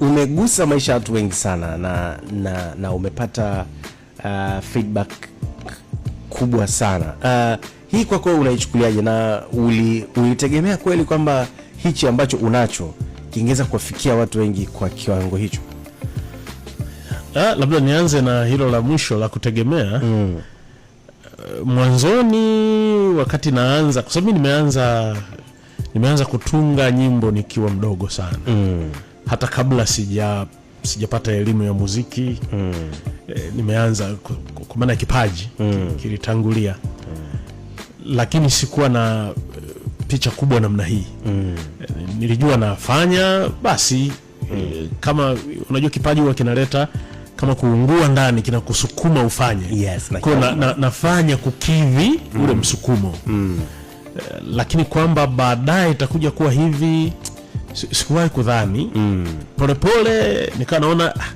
umegusa maisha watu wengi sana na, na, na umepata uh, feedback kubwa sana uh, hii kwako unaichukuliaje na uli, ulitegemea kweli kwamba hichi ambacho unacho kingeweza kuwafikia watu wengi kwa kiwango hicho? Ah, labda nianze na hilo la mwisho la kutegemea mm. Uh, mwanzoni wakati naanza, kwa sababu nimeanza nimeanza kutunga nyimbo nikiwa mdogo sana mm hata kabla sija sijapata elimu ya muziki mm. eh, nimeanza kwa maana kipaji mm. kilitangulia mm. lakini sikuwa na eh, picha kubwa namna hii mm. eh, nilijua nafanya basi mm. eh, hmm. kama unajua kipaji huwa kinaleta kama kuungua ndani kinakusukuma ufanye yes, like na, na, nafanya kukidhi mm. ule hmm. msukumo mm. eh, lakini kwamba baadaye itakuja kuwa hivi sikuwahi kudhani mm. Polepole nikaa naona ah,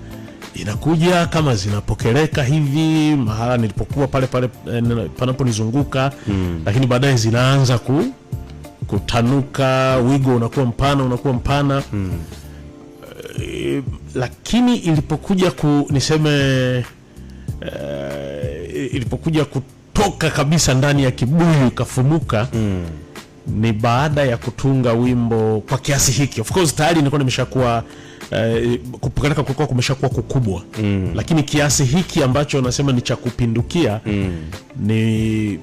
inakuja kama zinapokeleka hivi mahala nilipokuwa pale pale eh, panaponizunguka mm. Lakini baadaye zinaanza ku, kutanuka, wigo unakuwa mpana unakuwa mpana mm. E, lakini ilipokuja ku niseme e, ilipokuja kutoka kabisa ndani ya kibuyu ikafumuka mm ni baada ya kutunga wimbo kwa kiasi hiki, of course tayari nilikuwa nimeshakuwa uh, eh, kupeleka kulikuwa kumeshakuwa kukubwa mm. Lakini kiasi hiki ambacho nasema ni cha kupindukia mm. ni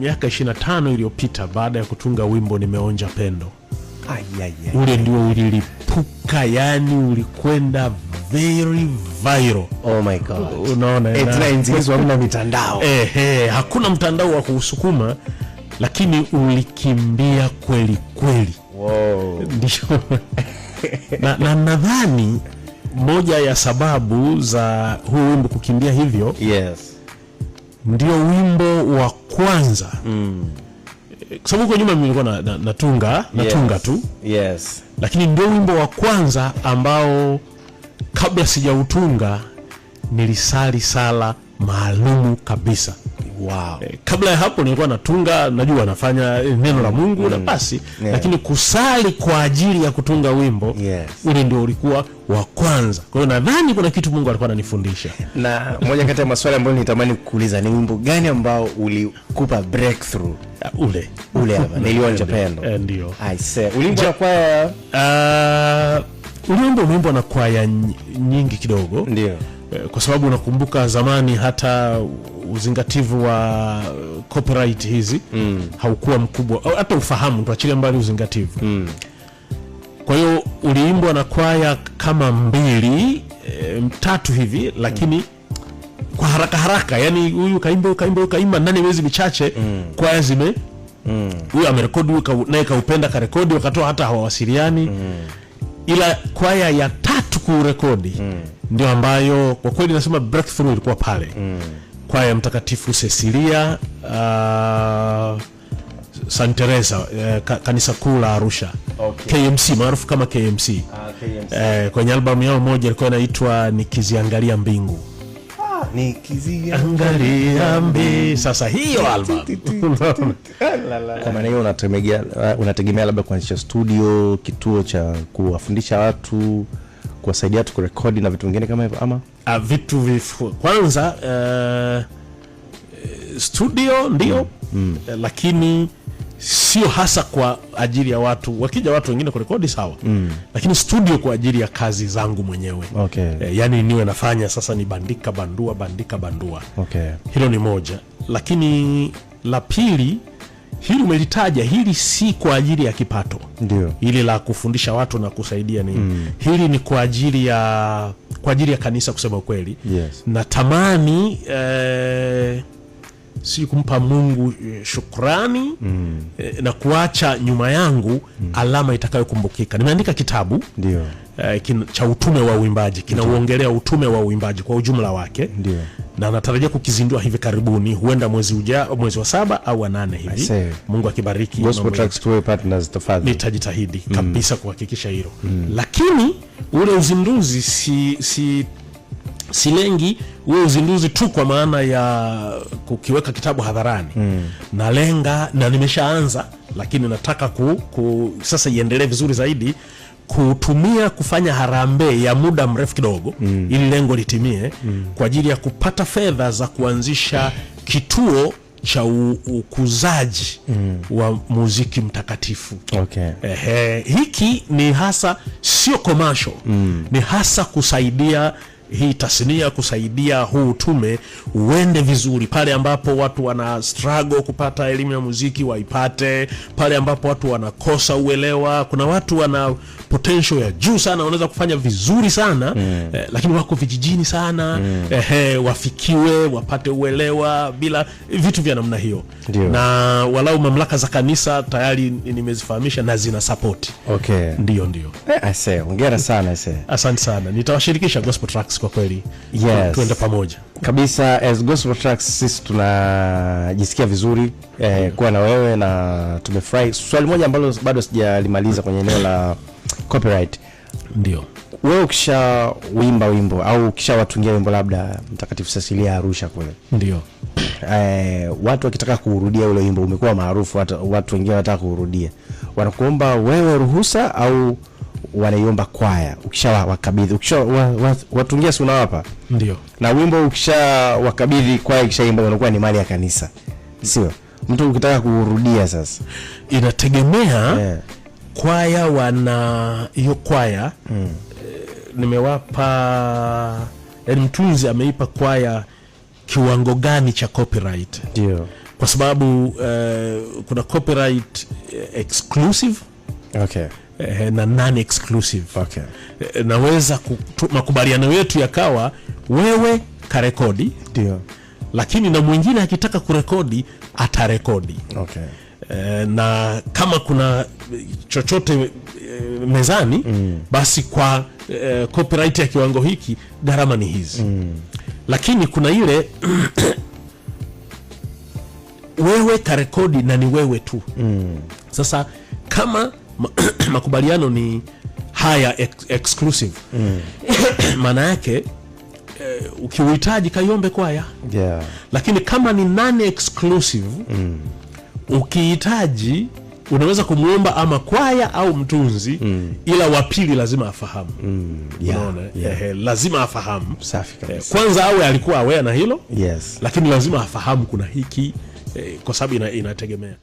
miaka 25 iliyopita baada ya kutunga wimbo nimeonja pendo. Ule ndio ulilipuka, yani ulikwenda very viral. Oh my god, unaona headlines hizo eh, eh, hakuna mtandao wa kusukuma lakini ulikimbia kweli kweli. Wow. Ndio. na, na nadhani moja ya sababu za huu wimbo kukimbia hivyo, yes, ndio wimbo wa kwanza mm. sababu huko nyuma nilikuwa na, na, natunga natunga yes. tu yes, lakini ndio wimbo wa kwanza ambao kabla sijautunga nilisali sala maalumu kabisa wow. E, kabla ya hapo nilikuwa natunga, najua nafanya eh, neno la Mungu mm. na basi yeah. Lakini kusali kwa ajili ya kutunga wimbo yes. Ule ndio ulikuwa wa kwanza. Kwa hiyo nadhani kuna kitu Mungu alikuwa ananifundisha, na moja kati ya maswali ambayo nitamani kukuuliza ni wimbo gani ambao ulikupa breakthrough? Uh, ule ule hapa nilionja pendo, eh, ndio I say ulimbo kwa uh, ulimbo ulimbo na kwaya ah, nyingi kidogo ndio Eh, kwa sababu unakumbuka zamani hata uzingativu wa eh, copyright hizi mm. haukuwa mkubwa, hata ufahamu, tuachilia mbali uzingativu mm. kwa hiyo uliimbwa na kwaya kama mbili e, tatu hivi, lakini mm. kwa haraka haraka, yani huyu kaimba kaimba kaimba ndani miezi michache mm. kwaya zime mm. huyu mm. amerekodi naye kaupenda karekodi, wakatoa hata hawawasiliani mm. ila kwaya ya tatu kurekodi mm ndio ambayo kwa kweli nasema breakthrough ilikuwa pale mm. kwaya Mtakatifu Cecilia uh, San Teresa uh, kanisa kuu la Arusha okay. KMC maarufu kama KMC, ah, KMC. Uh, eh, kwenye albamu yao moja ilikuwa inaitwa Nikiziangalia Mbingu ah, nikiziangalia mbingu. Sasa hiyo albamu kwa maana hiyo unategemea labda kuanzisha studio, kituo cha kuwafundisha watu kuwasaidia tu kurekodi na vitu vingine kama hivyo ama A, ah, vitu vifu. Kwanza uh, studio ndio mm. uh, lakini sio hasa kwa ajili ya watu, wakija watu wengine kurekodi sawa mm. lakini studio kwa ajili ya kazi zangu mwenyewe okay. E, yani niwe nafanya sasa ni bandika bandua bandika bandua okay. Hilo ni moja, lakini la pili hili umelitaja, hili si kwa ajili ya kipato Ndiyo. ili la kufundisha watu na kusaidia nini mm. hili ni kwa ajili ya kwa ajili ya kanisa kusema ukweli yes. na tamani eh, si kumpa Mungu eh, shukrani mm. Eh, na kuacha nyuma yangu mm. alama itakayokumbukika. Nimeandika kitabu Ndio. e, kin, cha utume wa uimbaji kinauongelea utume wa uimbaji kwa ujumla wake Ndio. na natarajia kukizindua hivi karibuni, huenda mwezi uja, mwezi wa saba au wa nane hivi, Mungu akibariki, nitajitahidi mm. kabisa mm. kuhakikisha hilo mm. lakini ule uzinduzi si, si silengi huo uzinduzi tu kwa maana ya kukiweka kitabu hadharani mm. Nalenga na nimeshaanza, lakini nataka ku, ku sasa iendelee vizuri zaidi kutumia kufanya harambee ya muda mrefu kidogo mm. ili lengo litimie mm. kwa ajili ya kupata fedha za kuanzisha kituo cha ukuzaji mm. wa muziki mtakatifu. Okay. Ehe, hiki ni hasa sio commercial mm. ni hasa kusaidia hii tasnia kusaidia huu utume uende vizuri. Pale ambapo watu wana struggle kupata elimu ya muziki waipate, pale ambapo watu wanakosa uelewa. Kuna watu wana potential ya juu sana, wanaweza kufanya vizuri sana mm. eh, lakini wako vijijini sana mm. eh, wafikiwe, wapate uelewa bila vitu vya namna hiyo Dio. na walau mamlaka za kanisa tayari nimezifahamisha na zina support. Okay. Ndio, ndio. Eh, ase, sana ase. Asante sana. Nitawashirikisha gospel tracks kwa kweli yes. tuenda pamoja kabisa as tracks sisi tunajisikia vizuri eh, kuwa na wewe na tumefurahi swali moja ambalo bado sijalimaliza kwenye eneo la copyright ndio wewe ukisha wimba wimbo au ukishawatungia wimbo labda mtakatifu Cecilia Arusha kule ndio eh, watu wakitaka kuurudia ule wimbo umekuwa maarufu watu wengine wanataka kuurudia wanakuomba wewe ruhusa au wanaiomba kwaya, ukisha wakabidhi, ukisha wa, wa, watungia si unawapa, ndio na wimbo ukisha wakabidhi kwaya, ikishaimba unakuwa ni mali ya kanisa, sio mtu ukitaka kurudia. Sasa inategemea yeah. Kwaya wana hiyo kwaya mm. E, nimewapa yaani, mtunzi ameipa kwaya kiwango gani cha copyright, ndio kwa sababu e, kuna copyright eh, exclusive okay eh, na non exclusive okay. Eh, naweza makubaliano yetu yakawa wewe karekodi Dio. lakini na mwingine akitaka kurekodi atarekodi okay. Eh, na kama kuna chochote eh, mezani mm. Basi kwa eh, copyright ya kiwango hiki gharama ni hizi mm. Lakini kuna ile wewe karekodi na ni wewe tu mm. Sasa kama makubaliano ni haya ex exclusive mm. maana yake e, ukiuhitaji kaiombe kwaya yeah. Lakini kama ni non exclusive mm. ukihitaji unaweza kumwomba ama kwaya au mtunzi mm. ila wa pili lazima afahamu mm. yeah, unaona yeah. lazima afahamu safi kabisa. Eh, kwanza awe alikuwa aware na hilo yes. Lakini lazima afahamu kuna hiki eh, kwa sababu inategemea